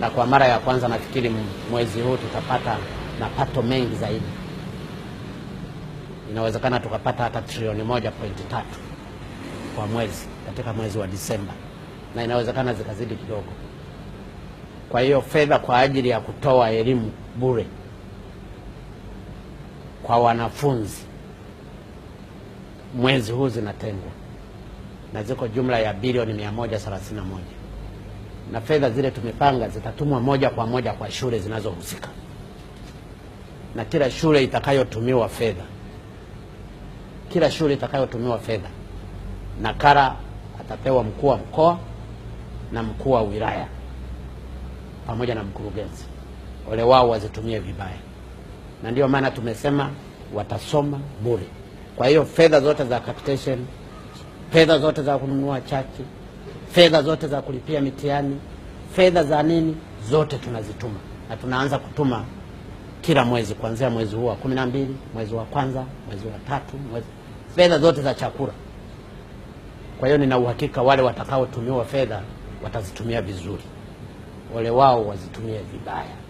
na kwa mara ya kwanza nafikiri mwezi huu tutapata mapato mengi zaidi, inawezekana tukapata hata trilioni moja pointi tatu kwa mwezi katika mwezi wa Disemba, na inawezekana zikazidi kidogo. Kwa hiyo fedha kwa ajili ya kutoa elimu bure kwa wanafunzi mwezi huu zinatengwa na ziko jumla ya bilioni moja na fedha zile tumepanga zitatumwa moja kwa moja kwa shule zinazohusika, na kila shule itakayotumiwa fedha, kila shule itakayotumiwa fedha, nakala atapewa mkuu wa mkoa na mkuu wa wilaya pamoja na mkurugenzi. Ole wao wazitumie vibaya, na ndiyo maana tumesema watasoma bure. Kwa hiyo fedha zote za capitation, fedha zote za kununua chaki fedha zote za kulipia mitihani, fedha za nini zote tunazituma na tunaanza kutuma kila mwezi kuanzia mwezi huu wa kumi na mbili, mwezi wa kwanza, mwezi wa tatu, mwezi fedha zote za chakula. Kwa hiyo nina uhakika wale watakaotumiwa fedha watazitumia vizuri, wale wao wazitumie vibaya.